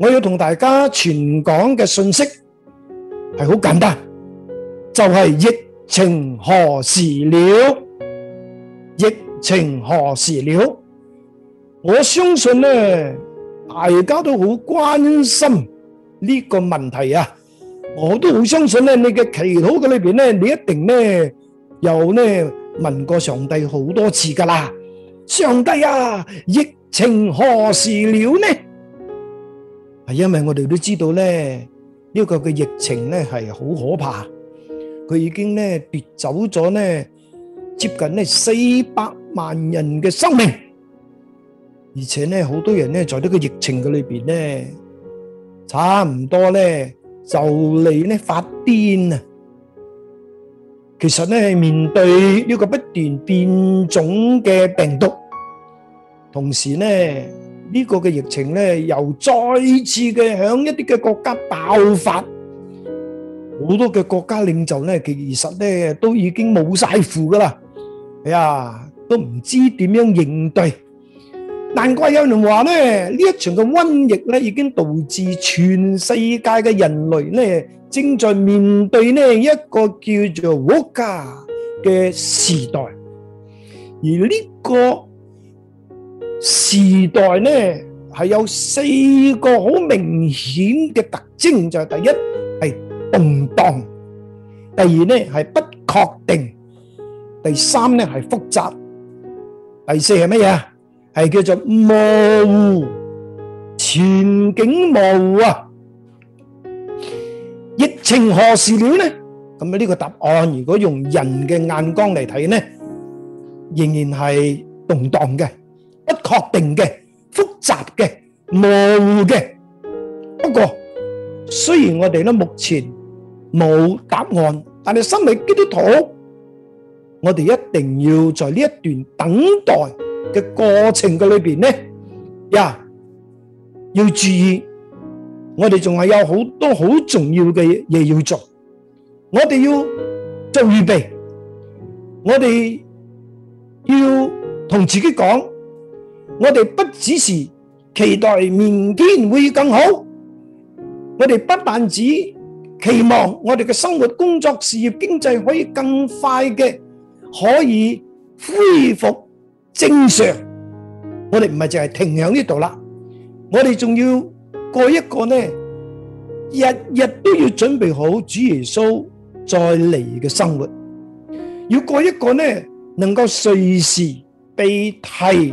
我要同大家傳講嘅信息係好簡單，就係疫情何時了？疫情何時了？我相信咧，大家都好關心呢個問題啊！我都好相信咧，你嘅祈禱嘅裏邊咧，你一定咧又咧問過上帝好多次噶啦！上帝啊，疫情何時了呢？係因為我哋都知道咧，呢個嘅疫情咧係好可怕，佢已經咧奪走咗咧接近咧四百萬人嘅生命，而且咧好多人咧在呢個疫情嘅裏邊咧，差唔多咧就嚟咧發癲啊！其實咧係面對呢個不斷變種嘅病毒，同時咧。呢個嘅疫情咧，又再次嘅響一啲嘅國家爆發，好多嘅國家領袖咧，其實咧都已經冇晒符噶啦，哎呀，都唔知點樣應對。難怪有人話咧，呢一場嘅瘟疫咧，已經導致全世界嘅人類咧，正在面對呢一個叫做國家嘅時代，而呢、這個。時代呢係有四個好明顯嘅特徵，就係第一係動盪，第二呢係不確定，第三呢係複雜，第四係乜嘢？係叫做模糊，前景模糊啊！疫情何時了呢？咁啊呢個答案，如果用人嘅眼光嚟睇呢，仍然係動盪嘅。確定嘅、複雜嘅、模糊嘅。不過雖然我哋咧目前冇答案，但係身為基督徒，我哋一定要在呢一段等待嘅過程嘅裏邊咧，呀要注意，我哋仲係有好多好重要嘅嘢要做，我哋要做預備，我哋要同自己講。我哋不只是期待明天會更好，我哋不但止期望我哋嘅生活、工作、事業、經濟可以更快嘅可以恢復正常，我哋唔係淨係停喺呢度啦，我哋仲要過一個呢日日都要準備好主耶穌再嚟嘅生活，要過一個呢能夠隨時被提。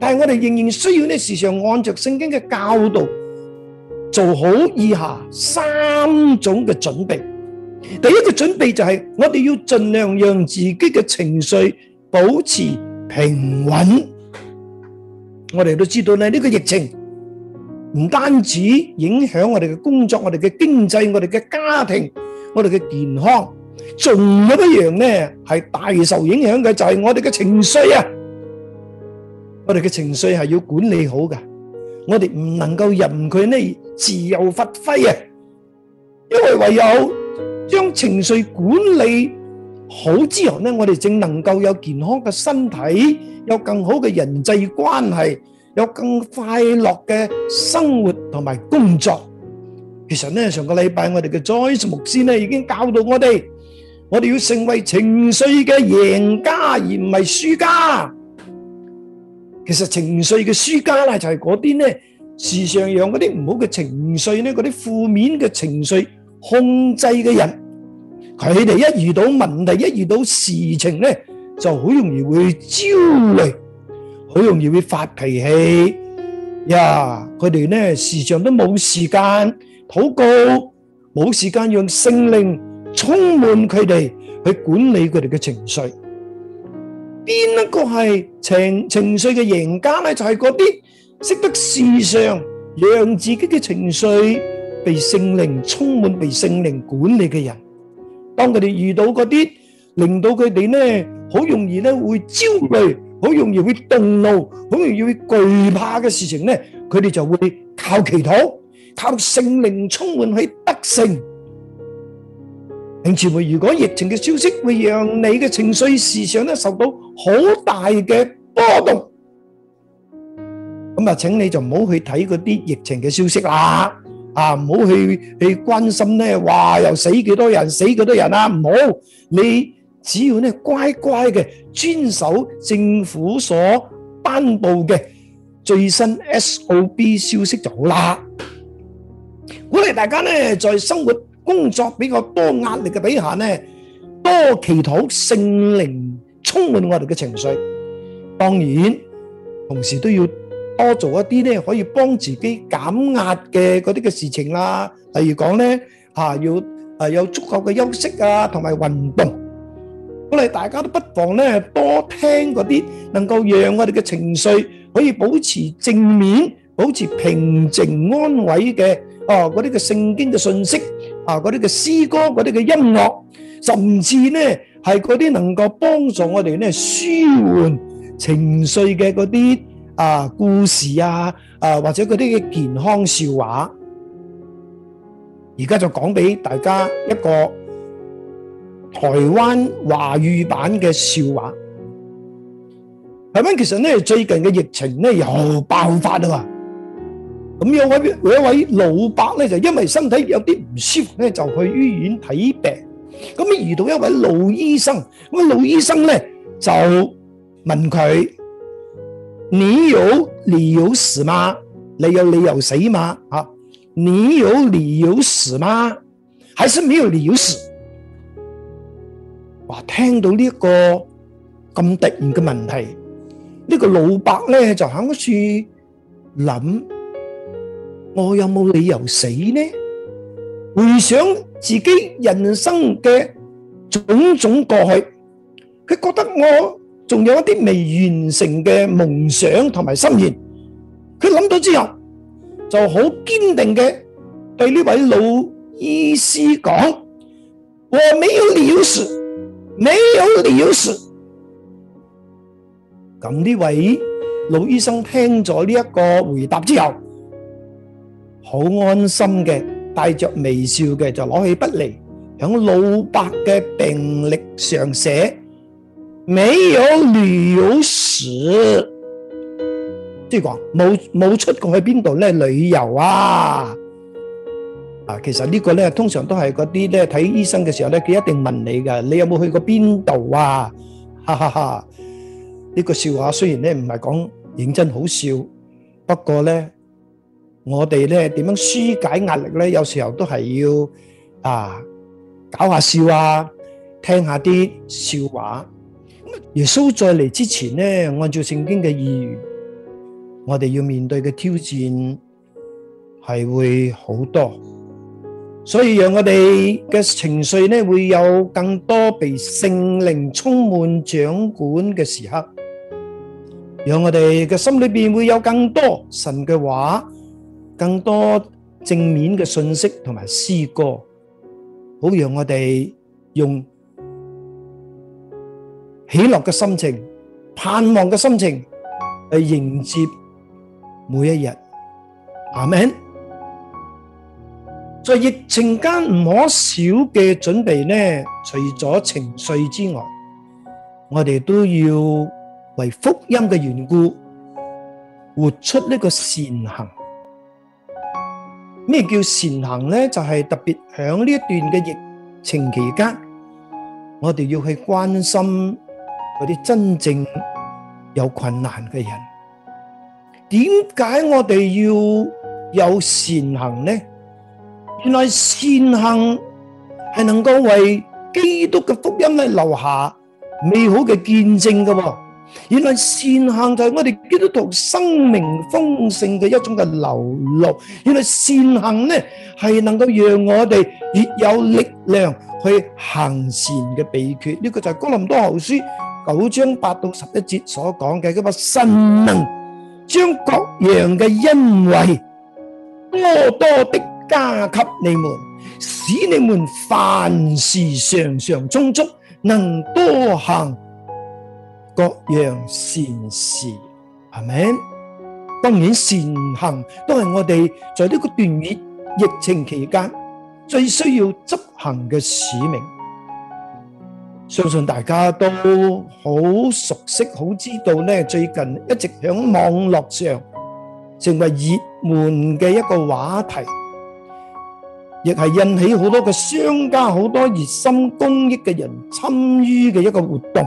但係我哋仍然需要呢，時常按着聖經嘅教導，做好以下三種嘅準備。第一個準備就係我哋要盡量讓自己嘅情緒保持平穩。我哋都知道咧，呢個疫情唔單止影響我哋嘅工作、我哋嘅經濟、我哋嘅家庭、我哋嘅健康，仲有一樣咧係大受影響嘅，就係我哋嘅情緒啊！我哋嘅情緒係要管理好噶，我哋唔能夠任佢呢自由發揮啊！因為唯有將情緒管理好之後呢，我哋正能夠有健康嘅身體，有更好嘅人際關係，有更快樂嘅生活同埋工作。其實呢，上個禮拜我哋嘅 Joyce 牧師呢已經教導我哋，我哋要成為情緒嘅贏家而唔係輸家。其實情緒嘅輸家啦，就係嗰啲咧時常讓嗰啲唔好嘅情緒咧，嗰啲負面嘅情緒控制嘅人，佢哋一遇到問題，一遇到事情咧，就好容易會焦慮，好容易會發脾氣呀！佢哋咧時常都冇時間禱告，冇時間用聖靈充滿佢哋去管理佢哋嘅情緒。邊一個係情情緒嘅贏家呢？就係嗰啲識得時常讓自己嘅情緒被聖靈充滿、被聖靈管理嘅人。當佢哋遇到嗰啲令到佢哋呢好容易呢會焦慮、好容易會動怒、好容易會懼怕嘅事情呢，佢哋就會靠祈禱、靠聖靈充滿去得勝。平時會如果疫情嘅消息會讓你嘅情緒、思想咧受到好大嘅波動，咁啊，請你就唔好去睇嗰啲疫情嘅消息啦，啊唔好去去關心咧，哇又死幾多人，死幾多人啊！唔好，你只要咧乖乖嘅遵守政府所頒布嘅最新 S.O.B. 消息就好啦。鼓勵大家咧，在生活工作比較多壓力嘅底下咧，多祈禱聖靈充滿我哋嘅情緒。當然同時都要多做一啲咧可以幫自己減壓嘅嗰啲嘅事情啦。例如講咧嚇要誒有足夠嘅休息啊，同埋運動。我哋大家都不妨咧多聽嗰啲能夠讓我哋嘅情緒可以保持正面、保持平靜安穩嘅哦嗰啲嘅聖經嘅信息。啊！嗰啲嘅詩歌，嗰啲嘅音樂，甚至咧係嗰啲能夠幫助我哋咧舒緩情緒嘅嗰啲啊故事啊，啊或者嗰啲嘅健康笑話。而家就講俾大家一個台灣華語版嘅笑話。台灣其實咧最近嘅疫情咧又爆發啦。咁有一位有位老伯咧，就因為身體有啲唔舒服咧，就去醫院睇病。咁啊遇到一位老醫生，咁老醫生咧就問佢：你有理由死嗎？你有理由死嗎？啊，你有理由死嗎？還是沒有理由死？哇！聽到呢個咁突然嘅問題，呢、呢個老伯咧就喺嗰處諗。我有冇理由死呢？回想自己人生嘅種種過去，佢覺得我仲有一啲未完成嘅夢想同埋心願。佢諗到之後，就好堅定嘅對呢位老醫師講：我沒有了事，沒有了事。咁呢位老醫生聽咗呢一個回答之後。好安心嘅，帶着微笑嘅就攞起筆嚟，響老伯嘅病歷上寫，沒有旅遊史，即係講冇冇出過去邊度咧旅遊啊！啊，其實呢個咧通常都係嗰啲咧睇醫生嘅時候咧，佢一定問你㗎，你有冇去過邊度啊？哈哈哈！呢個笑話雖然咧唔係講認真好笑，不過咧。我哋咧點樣紓解壓力咧？有時候都係要啊，搞下笑啊，聽下啲笑話。耶穌再嚟之前咧，按照聖經嘅意願，我哋要面對嘅挑戰係會好多，所以讓我哋嘅情緒咧會有更多被聖靈充滿掌管嘅時刻，讓我哋嘅心裏邊會有更多神嘅話。更多正面嘅信息同埋詩歌，好讓我哋用喜樂嘅心情、盼望嘅心情嚟迎接每一日。阿門。在疫情間唔可少嘅準備呢，除咗情緒之外，我哋都要為福音嘅緣故，活出呢個善行。咩叫善行咧？就係特別響呢一段嘅疫情期間，我哋要去關心嗰啲真正有困難嘅人。點解我哋要有善行咧？原來善行係能夠為基督嘅福音咧留下美好嘅見證噶噃。原來善行就係我哋基督徒生命豐盛嘅一種嘅流露，原來善行呢係能夠讓我哋越有力量去行善嘅秘訣。呢、這個就係《哥林多後書》九章八到十一節所講嘅嗰個神能，將各樣嘅恩惠多多的加給你們，使你們凡事常常充足，能多行。各樣善事，係咪？當然善行都係我哋在呢個段疫疫情期間最需要執行嘅使命。相信大家都好熟悉，好知道咧，最近一直響網絡上成為熱門嘅一個話題，亦係引起好多嘅商家，好多熱心公益嘅人參與嘅一個活動。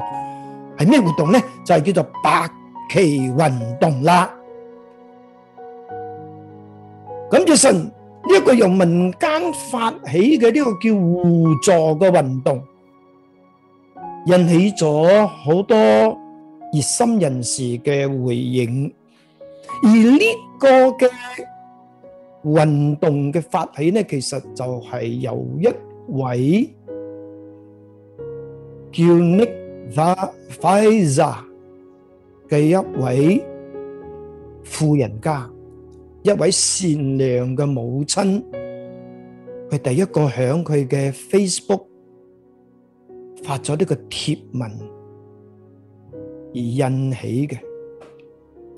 咩活動咧？就係叫做白旗運動啦。咁就信呢一個由民間發起嘅呢個叫互助嘅運動，引起咗好多熱心人士嘅回應。而呢個嘅運動嘅發起咧，其實就係由一位叫 Nick。花費莎嘅一位富人家，一位善良嘅母親，佢第一個響佢嘅 Facebook 發咗呢個貼文而引起嘅，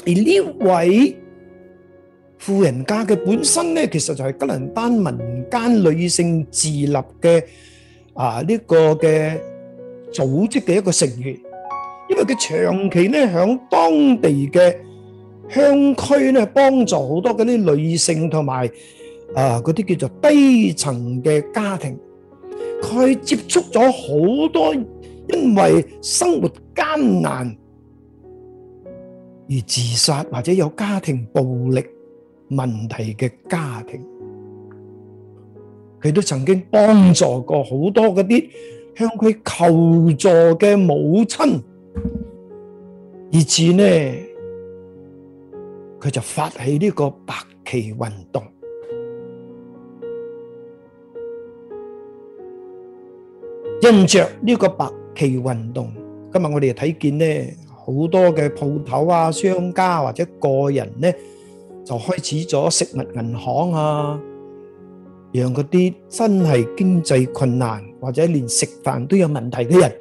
而呢位富人家嘅本身咧，其實就係吉蘭丹民間女性自立嘅啊呢個嘅。組織嘅一個成員，因為佢長期咧喺當地嘅鄉區咧幫助好多嗰啲女性同埋啊嗰啲叫做低層嘅家庭，佢接觸咗好多因為生活艱難而自殺或者有家庭暴力問題嘅家庭，佢都曾經幫助過好多嗰啲。向佢求助嘅母親，以至呢，佢就發起呢個白旗運動。因着呢個白旗運動，今日我哋睇見咧好多嘅鋪頭啊、商家或者個人咧，就開始咗食物銀行啊。讓嗰啲真係經濟困難，或者連食飯都有問題嘅人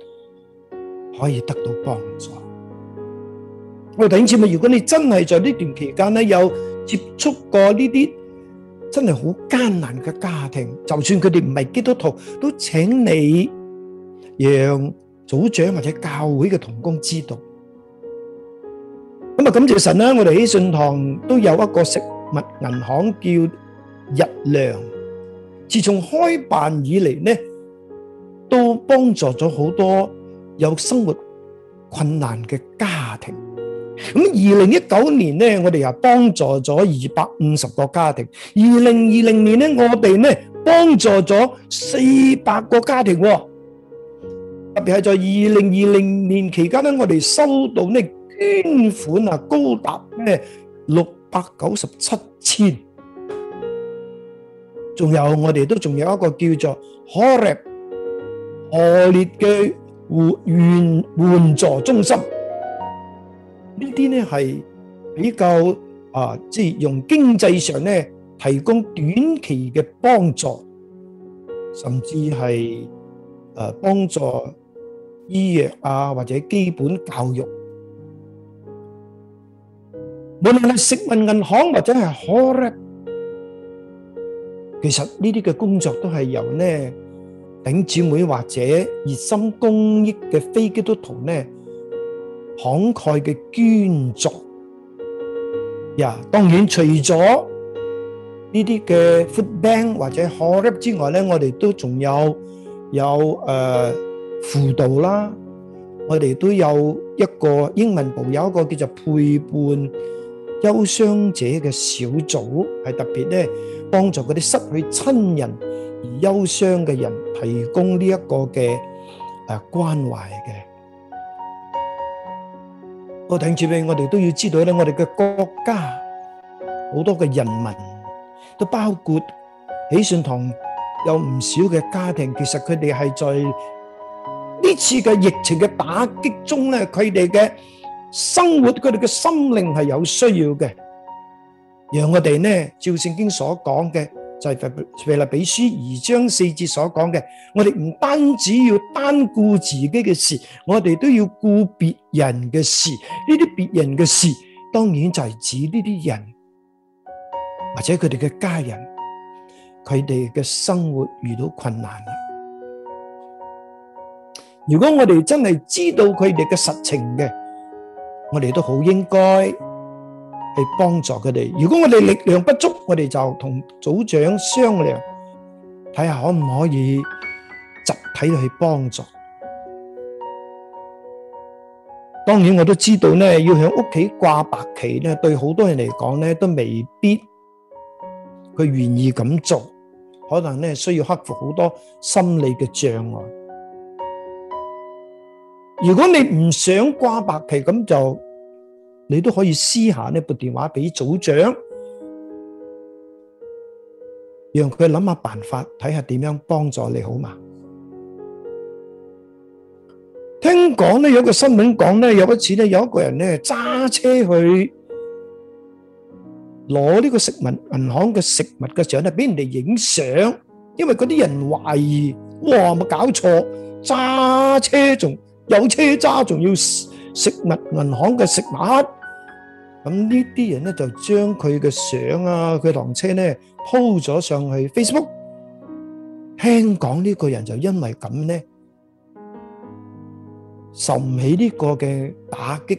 可以得到幫助。我哋次咪，如果你真係在呢段期間咧有接觸過呢啲真係好艱難嘅家庭，就算佢哋唔係基督徒，都請你讓組長或者教會嘅同工知道。咁啊，感謝神啦！我哋喺信堂都有一個食物銀行，叫日糧。自從開辦以嚟咧，都幫助咗好多有生活困難嘅家庭。咁二零一九年咧，我哋又幫助咗二百五十個家庭。二零二零年咧，我哋咧幫助咗四百個家庭。特別係在二零二零年期間咧，我哋收到呢捐款啊，高達咩六百九十七千。仲有我哋都仲有一個叫做可列可列嘅援援助中心，呢啲咧係比較啊，即係用經濟上咧提供短期嘅幫助，甚至係誒幫助醫藥啊或者基本教育。無論係食物銀行或者係可列。其實呢啲嘅工作都係由呢頂姊妹或者熱心公益嘅非基督徒呢慷慨嘅捐助。呀，當然除咗呢啲嘅 food bank 或者 help 之外咧，我哋都仲有有誒輔導啦，我哋都有一個英文部，有一個叫做陪伴憂傷者嘅小組，係特別咧。幫助嗰啲失去親人而憂傷嘅人，提供呢一個嘅誒關懷嘅。我聽住，俾我哋都要知道咧，我哋嘅國家好多嘅人民，都包括喜善堂有唔少嘅家庭，其實佢哋係在呢次嘅疫情嘅打擊中咧，佢哋嘅生活，佢哋嘅心靈係有需要嘅。讓我哋呢，照聖經所講嘅，就係《腓立比書》二章四節所講嘅，我哋唔單止要單顧自己嘅事，我哋都要顧別人嘅事。呢啲別人嘅事，當然就係指呢啲人或者佢哋嘅家人，佢哋嘅生活遇到困難啦。如果我哋真係知道佢哋嘅實情嘅，我哋都好應該。去幫助佢哋。如果我哋力量不足，我哋就同組長商量，睇下可唔可以集體去幫助。當然我都知道咧，要喺屋企掛白旗咧，對好多人嚟講咧都未必佢願意咁做，可能咧需要克服好多心理嘅障礙。如果你唔想掛白旗咁就。你都可以私下呢撥電話俾組長，讓佢諗下辦法，睇下點樣幫助你好嘛？聽講呢有一個新聞講呢，有一次呢有一個人呢揸車去攞呢個食物銀行嘅食物嘅時候呢，俾人哋影相，因為嗰啲人懷疑，哇冇搞錯，揸車仲有車揸仲要。食物銀行嘅食物，咁呢啲人咧就將佢嘅相啊、佢架車咧鋪咗上去 Facebook。聽講呢個人就因為咁咧，受唔起呢個嘅打擊，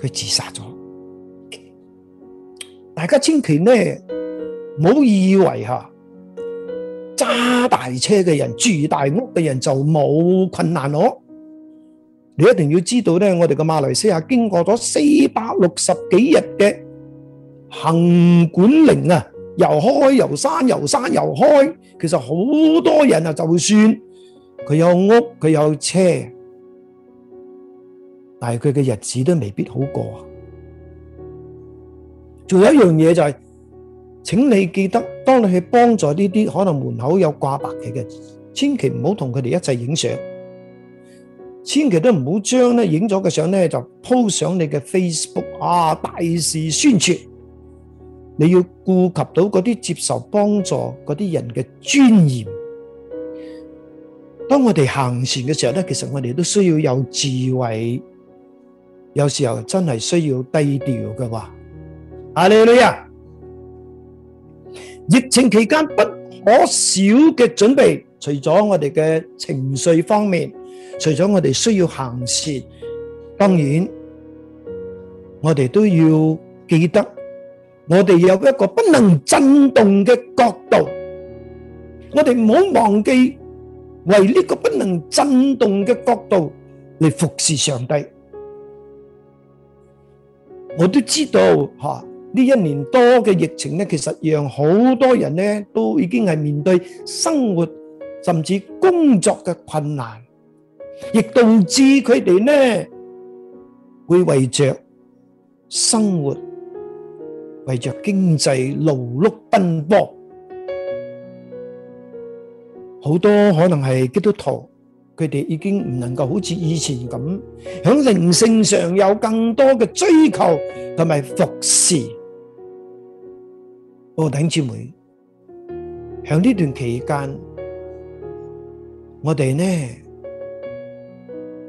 佢自殺咗。大家千祈咧，唔好以為吓揸大車嘅人、住大屋嘅人就冇困難咯。你一定要知道咧，我哋嘅馬來西亞經過咗四百六十幾日嘅行管令啊，又開又閂又閂又開，其實好多人啊，就算佢有屋佢有車，但係佢嘅日子都未必好過啊！仲有一樣嘢就係、是，請你記得，當你去幫助呢啲可能門口有掛白旗嘅，千祈唔好同佢哋一齊影相。千祈都唔好將咧影咗嘅相咧就鋪上你嘅 Facebook 啊，大肆宣傳。你要顧及到嗰啲接受幫助嗰啲人嘅尊嚴。當我哋行善嘅時候咧，其實我哋都需要有智慧，有時候真係需要低調嘅話。阿靚女啊，疫情期間不可少嘅準備，除咗我哋嘅情緒方面。除咗我哋需要行善，當然我哋都要記得，我哋有一個不能震動嘅角度，我哋唔好忘記為呢個不能震動嘅角度嚟服侍上帝。我都知道吓呢一年多嘅疫情咧，其實讓好多人咧都已經係面對生活甚至工作嘅困難。亦導致佢哋呢，會為着生活、為着經濟勞碌奔波,好多可能係基督徒,佢哋已經唔能夠好似以前咁,響靈性上有更多嘅追求同埋服侍。哦,弟兄姊妹,響呢段期間,我哋呢？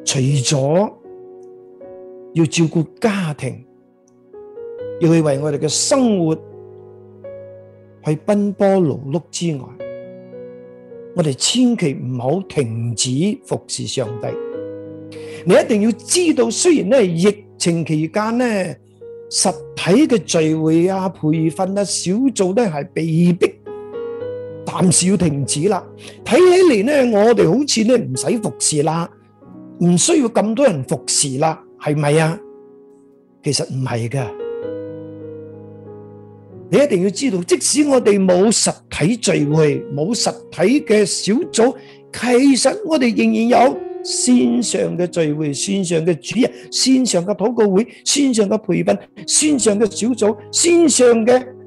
除咗要照顧家庭，要去為我哋嘅生活去奔波勞碌之外，我哋千祈唔好停止服侍上帝。你一定要知道，雖然咧疫情期間咧，實體嘅聚會啊、培訓啊、小組咧係被逼暫時要停止啦。睇起嚟咧，我哋好似咧唔使服侍啦。唔需要咁多人服侍啦，係咪啊？其實唔係噶，你一定要知道，即使我哋冇實體聚會，冇實體嘅小組，其實我哋仍然有線上嘅聚會，線上嘅主任，線上嘅禱告會，線上嘅培訓，線上嘅小組，線上嘅。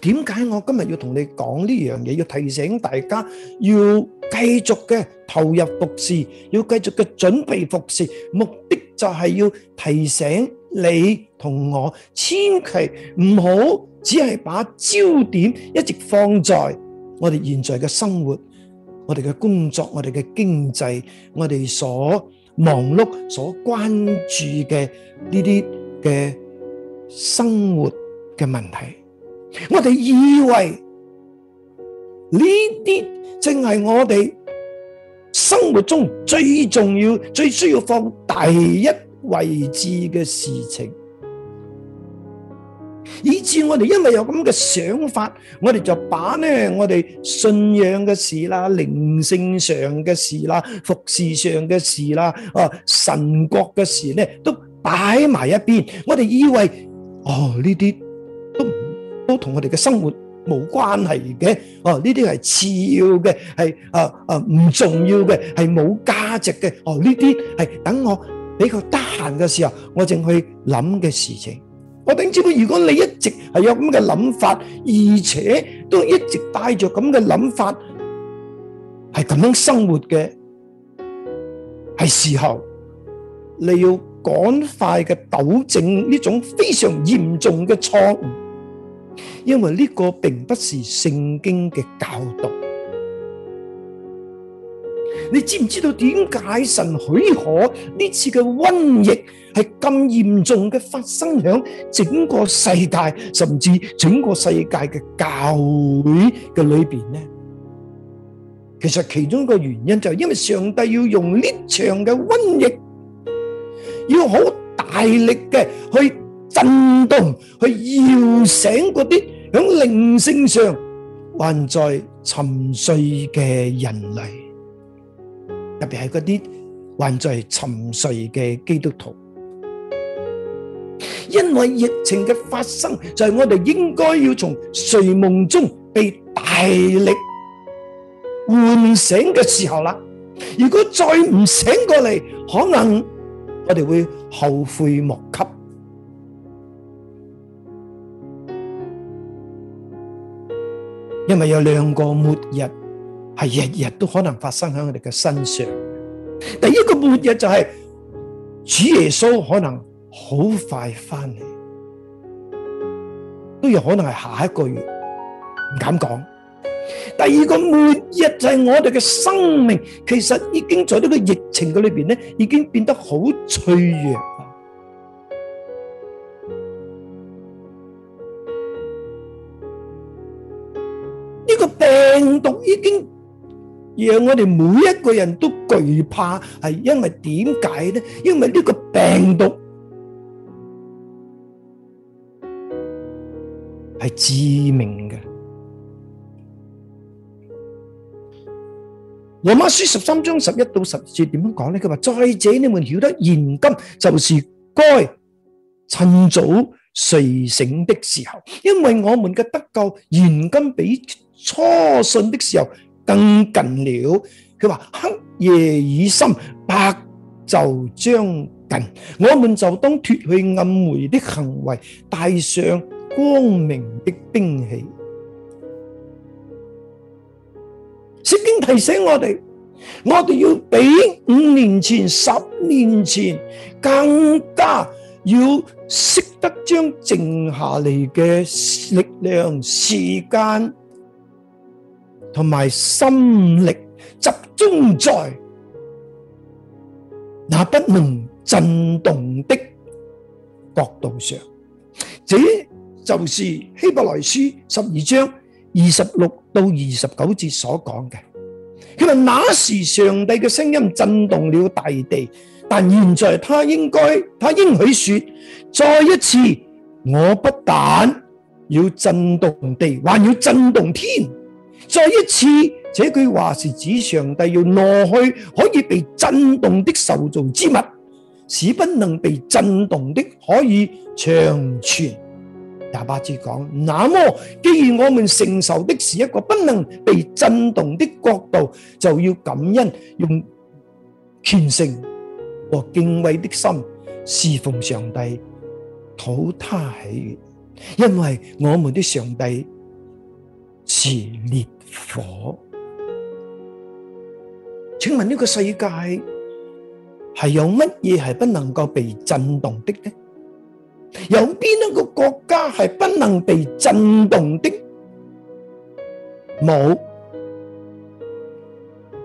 點解我今日要同你講呢樣嘢？要提醒大家，要繼續嘅投入服侍，要繼續嘅準備服侍，目的就係要提醒你同我，千祈唔好只係把焦點一直放在我哋現在嘅生活、我哋嘅工作、我哋嘅經濟、我哋所忙碌、所關注嘅呢啲嘅生活嘅問題。我哋以為呢啲正係我哋生活中最重要、最需要放第一位置嘅事情，以至我哋因為有咁嘅想法，我哋就把呢我哋信仰嘅事啦、靈性上嘅事啦、服侍上嘅事啦、啊神國嘅事呢，都擺埋一邊。我哋以為哦呢啲都唔都同我哋嘅生活冇關係嘅，哦呢啲係次要嘅，係啊啊唔重要嘅，係冇價值嘅，哦呢啲係等我比較得閒嘅時候，我淨去諗嘅事情。我點知道？如果你一直係有咁嘅諗法，而且都一直帶着咁嘅諗法，係咁樣生活嘅，係時候你要趕快嘅糾正呢種非常嚴重嘅錯誤。因為呢個並不是聖經嘅教導，你知唔知道點解神許可呢次嘅瘟疫係咁嚴重嘅發生響整個世界，甚至整個世界嘅教會嘅裏邊呢？其實其中一個原因就係因為上帝要用呢場嘅瘟疫，要好大力嘅去。震動去搖醒嗰啲響靈性上還在沉睡嘅人類，特別係嗰啲還在沉睡嘅基督徒，因為疫情嘅發生就係我哋應該要從睡夢中被大力喚醒嘅時候啦。如果再唔醒過嚟，可能我哋會後悔莫及。咪有兩個末日，係日日都可能發生喺我哋嘅身上。第一個末日就係主耶穌可能好快返嚟，都有可能係下一個月唔敢講。第二個末日就係我哋嘅生命，其實已經在呢個疫情嘅裏邊咧，已經變得好脆弱。已經讓我哋每一個人都懼怕，係因為點解咧？因為呢個病毒係致命嘅。羅馬書十三章十一到十二節點樣講咧？佢話：再者，你們曉得現今就是該趁早睡醒的時候，因為我們嘅得救現今比。初信的時候更近了。佢話黑夜已深，白晝將近，我們就當脫去暗昧的行為，帶上光明的兵器。聖經提醒我哋，我哋要比五年前、十年前更加要識得將剩下嚟嘅力量、時間。同埋心力集中在那不能震動的角度上，這就是希伯來書十二章二十六到二十九節所講嘅。佢話那時上帝嘅聲音震動了大地，但現在他應該，他應許說，再一次，我不但要震動地，還要震動天。再一次，這句話是指上帝要挪去可以被震動的受造之物，使不能被震動的，可以長存。廿八節講，那麼既然我們承受的是一個不能被震動的國度，就要感恩，用虔誠和敬畏的心侍奉上帝，討他喜悅，因為我們的上帝。是烈火。請問呢個世界係有乜嘢係不能夠被震動的呢？有邊一個國家係不能被震動的？冇，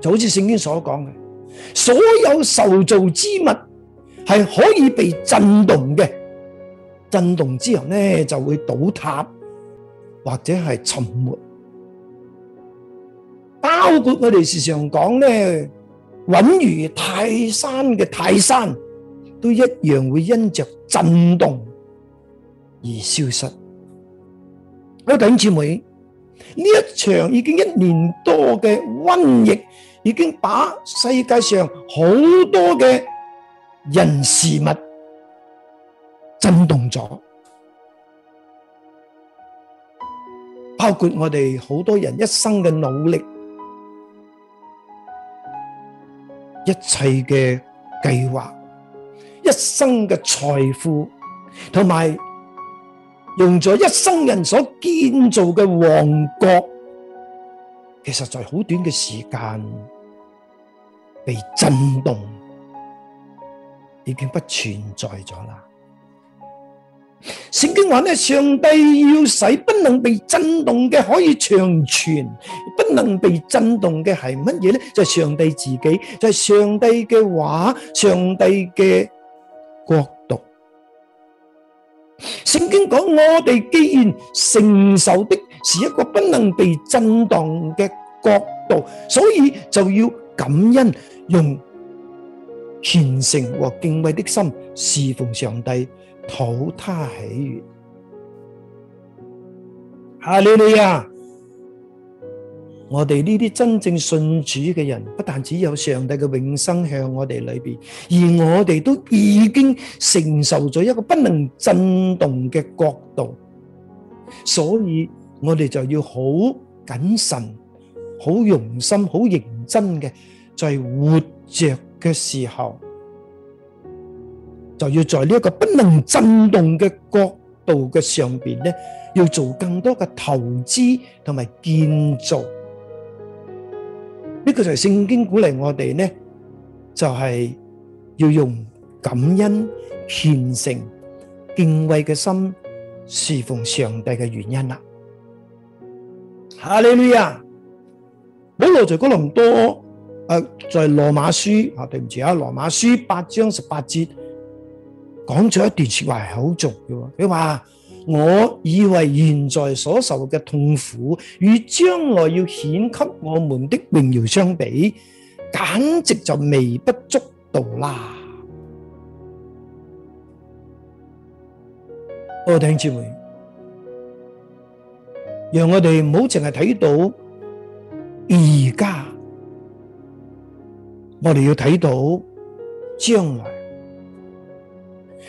就好似聖經所講嘅，所有受造之物係可以被震動嘅，震動之後呢，就會倒塌，或者係沉沒。包括我哋時常講咧，穩如泰山嘅泰山，都一樣會因着震動而消失。各位弟兄姊妹，呢一場已經一年多嘅瘟疫，已經把世界上好多嘅人事物震動咗，包括我哋好多人一生嘅努力。一切嘅計劃，一生嘅財富，同埋用咗一生人所建造嘅王國，其實，在好短嘅時間被震動，已經不存在咗啦。聖經話呢，上帝要使不能被震動嘅可以長存，不能被震動嘅係乜嘢呢？就係、是、上帝自己，就係、是、上帝嘅話，上帝嘅國度。聖經講，我哋既然承受的是一個不能被震動嘅國度，所以就要感恩，用虔誠和敬畏的心侍奉上帝。討他喜悅，啊，你哋呀！我哋呢啲真正信主嘅人，不但只有上帝嘅永生向我哋裏邊，而我哋都已經承受咗一個不能震動嘅國度，所以我哋就要好謹慎、好用心、好認真嘅，在活着嘅時候。就要在呢一個不能震動嘅角度嘅上邊咧，要做更多嘅投資同埋建造。呢、這個就係聖經鼓勵我哋咧，就係、是、要用感恩、虔誠、敬畏嘅心侍奉上帝嘅原因啦。哈利路亞！保羅在哥倫多，誒、啊，就係、是、羅馬書啊，對唔住啊，羅馬書八章十八節。講咗一段說話係好俗嘅，佢話：我以為現在所受嘅痛苦，與將來要顯給我們的榮耀相比，簡直就微不足道啦。我哋姊妹，讓我哋唔好淨係睇到而家，我哋要睇到將來。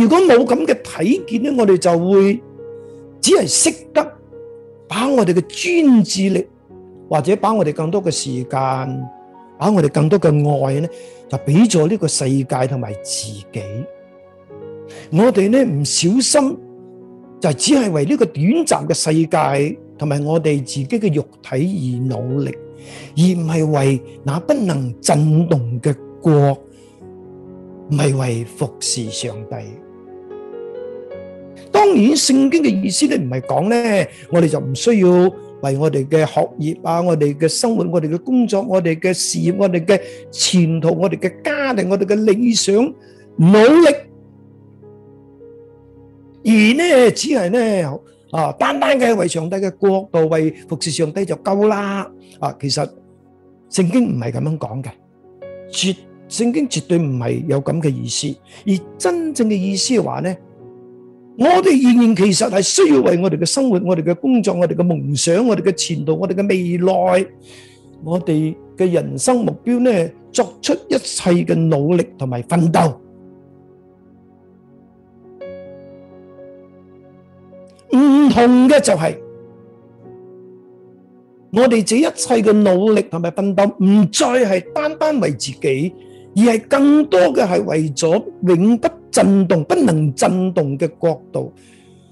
如果冇咁嘅體驗咧，我哋就會只係識得把我哋嘅專注力，或者把我哋更多嘅時間，把我哋更多嘅愛咧，就俾咗呢個世界同埋自己。我哋咧唔小心就只係為呢個短暫嘅世界同埋我哋自己嘅肉體而努力，而唔係為那不能震動嘅國，唔係為服侍上帝。當然，聖經嘅意思咧唔係講咧，我哋就唔需要為我哋嘅學業啊，我哋嘅生活，我哋嘅工作，我哋嘅事業，我哋嘅前途，我哋嘅家庭，我哋嘅理想努力，而呢，只係咧啊，單單嘅為上帝嘅國度，為服侍上帝就夠啦。啊，其實聖經唔係咁樣講嘅，絕聖經絕對唔係有咁嘅意思，而真正嘅意思嘅話咧。我哋仍然其實係需要為我哋嘅生活、我哋嘅工作、我哋嘅夢想、我哋嘅前途、我哋嘅未來、我哋嘅人生目標呢，作出一切嘅努力同埋奮鬥。唔同嘅就係我哋，這一切嘅努力同埋奮鬥，唔再係單單為自己，而係更多嘅係為咗永不。震動不能震動嘅國度，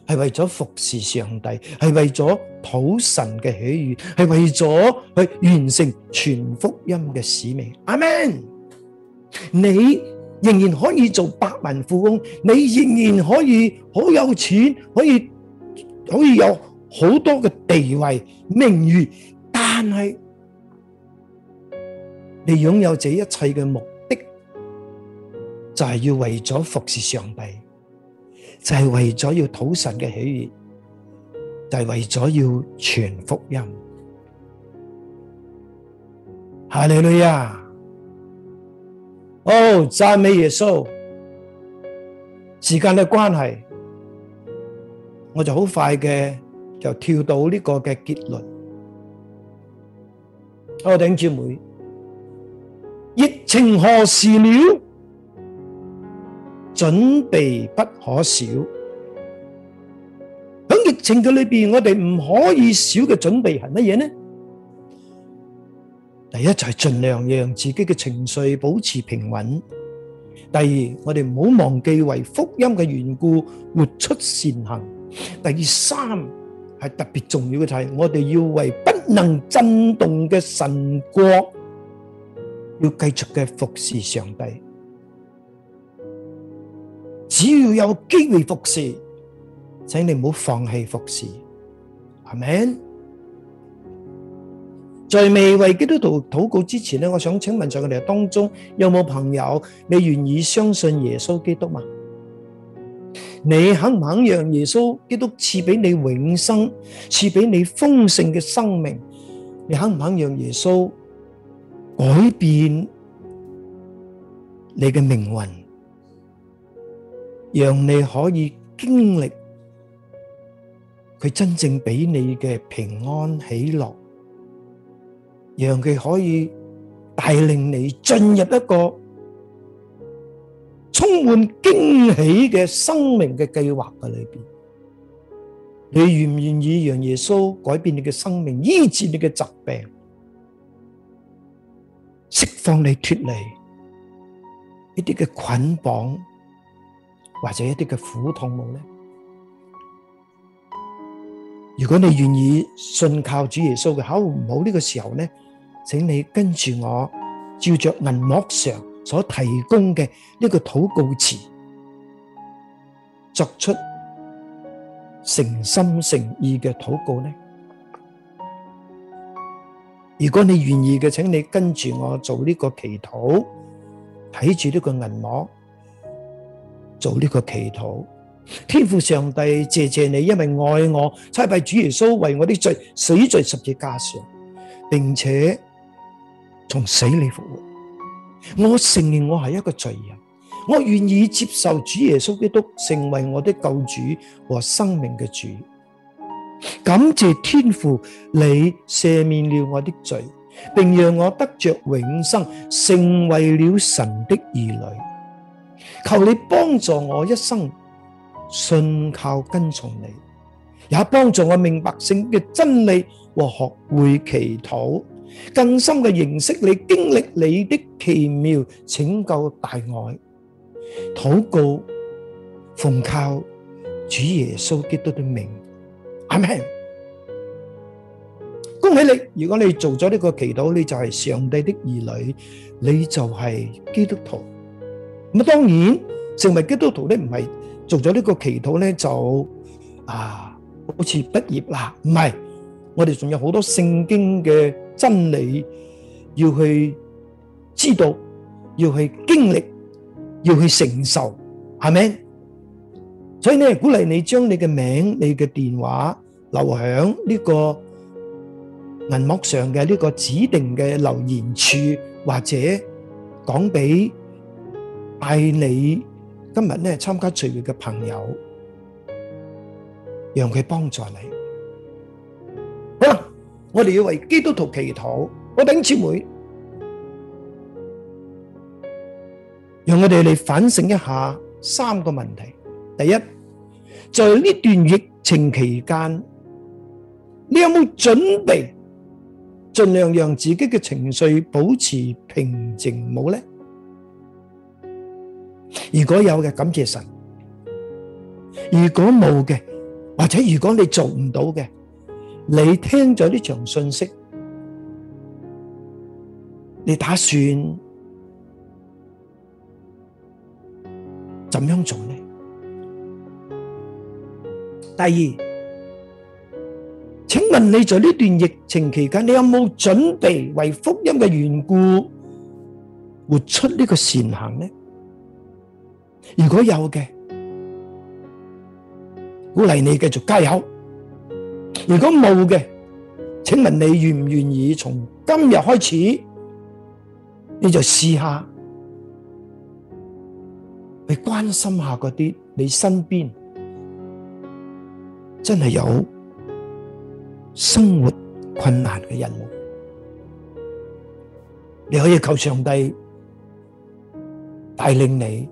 係為咗服侍上帝，係為咗討神嘅喜悅，係為咗去完成全福音嘅使命。阿門。你仍然可以做百萬富翁，你仍然可以好有錢，可以，可以有好多嘅地位、名譽，但係你擁有這一切嘅目。就係要為咗服侍上帝，就係為咗要討神嘅喜悅，就係為咗要傳福音。哈利路亞！哦，讚美耶穌！時間嘅關係，我就好快嘅就跳到呢個嘅結論。我頂住妹，疫情何時了？準備不可少。喺疫情嘅裏邊，我哋唔可以少嘅準備係乜嘢呢？第一就係盡量讓自己嘅情緒保持平穩。第二，我哋唔好忘記為福音嘅緣故活出善行。第三係特別重要嘅就係，我哋要為不能震動嘅神國，要繼續嘅服侍上帝。只要有機會服侍，請你唔好放棄服侍，係咪？在未為基督徒禱告之前咧，我想請問在我哋當中有冇朋友，你願意相信耶穌基督嘛？你肯唔肯讓耶穌基督賜俾你永生，賜俾你豐盛嘅生命？你肯唔肯讓耶穌改變你嘅命運？讓你可以經歷佢真正俾你嘅平安喜樂，讓佢可以帶領你進入一個充滿驚喜嘅生命嘅計劃嘅裏邊。你願唔願意讓耶穌改變你嘅生命，醫治你嘅疾病，釋放你脫離呢啲嘅捆綁？或者一啲嘅苦痛冇咧。如果你願意信靠主耶穌嘅，好唔好呢個時候咧，請你跟住我，照着銀幕上所提供嘅呢個禱告詞作出誠心誠意嘅禱告咧。如果你願意嘅，請你跟住我做呢個祈禱，睇住呢個銀幕。做呢個祈禱，天父上帝，謝謝你，因為愛我，差派主耶穌為我的罪死在十字架上，並且從死裏復活。我承認我係一個罪人，我願意接受主耶穌基督成為我的救主和生命嘅主。感謝天父，你赦免了我的罪，並讓我得着永生，成為了神的兒女。求你幫助我一生信靠跟從你，也幫助我明白聖經嘅真理和學會祈禱，更深嘅認識你，經歷你的奇妙拯救大愛。禱告，奉靠主耶穌基督的名，阿門。恭喜你，如果你做咗呢個祈禱，你就係上帝的兒女，你就係基督徒。咁當然，成為基督徒咧，唔係做咗呢個祈禱咧就啊，好似畢業啦，唔係，我哋仲有好多聖經嘅真理要去知道，要去經歷，要去承受，係咪？所以咧，鼓勵你將你嘅名、你嘅電話留響呢個銀幕上嘅呢個指定嘅留言處，或者講俾。帶你今日咧參加聚會嘅朋友，讓佢幫助你。好啦，我哋要為基督徒祈禱。我頂次會，讓我哋嚟反省一下三個問題。第一，在呢段疫情期間，你有冇準備盡量讓自己嘅情緒保持平靜冇咧？如果有嘅，感謝神；如果冇嘅，或者如果你做唔到嘅，你聽咗呢場信息，你打算怎樣做呢？第二，請問你在呢段疫情期間，你有冇準備為福音嘅緣故，活出呢個善行呢？如果有嘅，鼓勵你繼續加油。如果冇嘅，請問你願唔願意從今日開始，你就試下去關心下嗰啲你身邊真係有生活困難嘅人。你可以求上帝帶領你。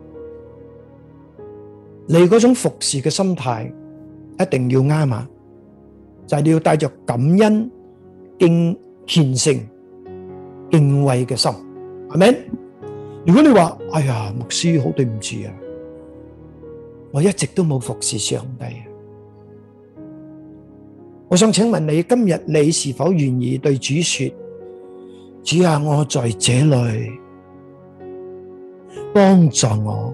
你嗰種服侍嘅心態一定要啱啊！就係你要帶着感恩、敬虔誠、敬畏嘅心，係咪？如果你話哎呀，牧師好對唔住啊，我一直都冇服侍上帝啊，我想請問你今日你是否願意對主說：主啊，我在這裏，幫助我。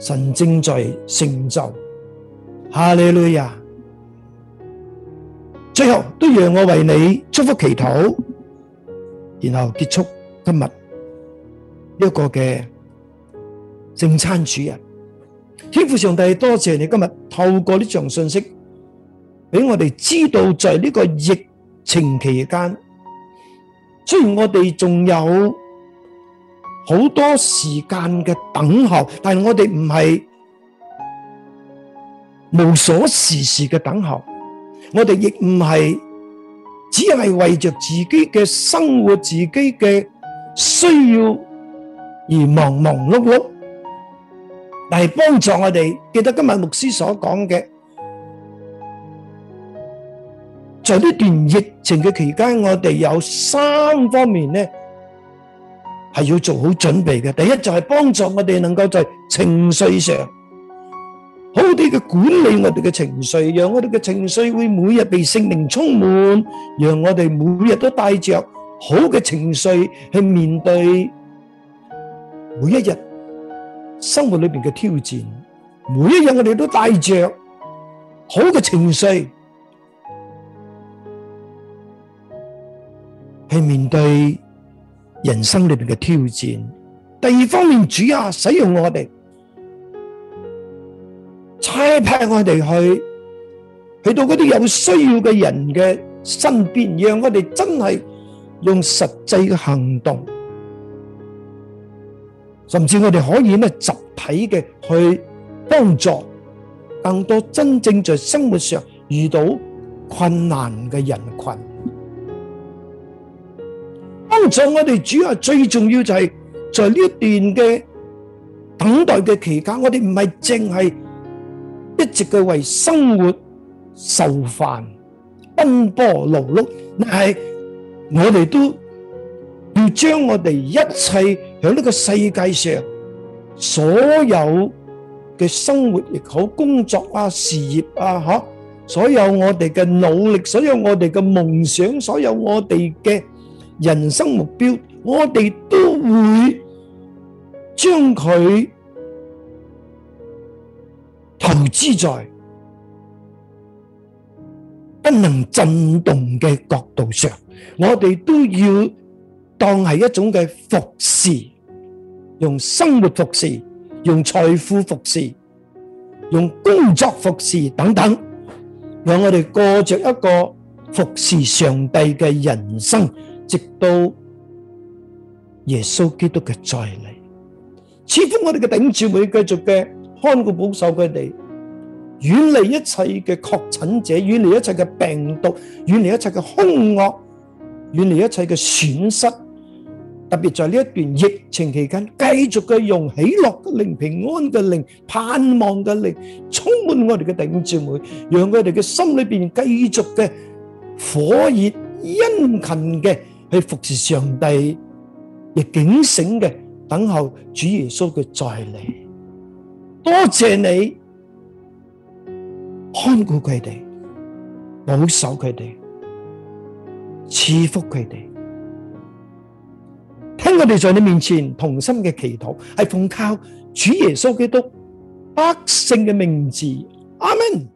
神正在成就，哈利路亞！最後都讓我為你祝福祈禱，然後結束今日一個嘅聖餐主日。天父上帝，多謝你今日透過呢場信息，俾我哋知道在呢個疫情期間，雖然我哋仲有。好多時間嘅等候，但係我哋唔係無所事事嘅等候，我哋亦唔係只係為着自己嘅生活，自己嘅需要而忙忙碌碌。但係幫助我哋，記得今日牧師所講嘅，在呢段疫情嘅期間，我哋有三方面咧，係要做好準備嘅。第一就係幫助我哋能夠在情緒上好啲嘅管理我哋嘅情緒，讓我哋嘅情緒會每日被聖靈充滿，讓我哋每日都帶着好嘅情緒去面對每一日生活裏邊嘅挑戰。每一日我哋都帶着好嘅情緒去面對。人生裏邊嘅挑戰。第二方面，主啊使用我哋，差派我哋去去到嗰啲有需要嘅人嘅身邊，讓我哋真係用實際嘅行動，甚至我哋可以呢集體嘅去幫助更多真正在生活上遇到困難嘅人群。剛才我哋主要最重要就係在呢段嘅等待嘅期間，我哋唔係淨係一直嘅為生活受煩奔波勞碌，但係我哋都要將我哋一切喺呢個世界上所有嘅生活亦好工作啊、事業啊吓，所有我哋嘅努力，所有我哋嘅夢想，所有我哋嘅。人生目標，我哋都會將佢投資在不能震動嘅角度上。我哋都要當係一種嘅服侍，用生活服侍，用財富服侍，用工作服侍等等，讓我哋過着一個服侍上帝嘅人生。直到耶穌基督嘅再嚟，似乎我哋嘅頂住會繼續嘅看顧保守佢哋，遠離一切嘅確診者，遠離一切嘅病毒，遠離一切嘅凶惡，遠離一切嘅損失。特別在呢一段疫情期間，繼續嘅用喜樂嘅靈、平安嘅靈、盼望嘅靈，充滿我哋嘅頂住會，讓佢哋嘅心裏邊繼續嘅火熱、殷勤嘅。去服侍上帝，亦警醒嘅等候主耶穌嘅再嚟。多謝你看顧佢哋，保守佢哋，賜福佢哋。聽我哋在你面前同心嘅祈禱，係奉靠主耶穌基督百姓嘅名字。阿門。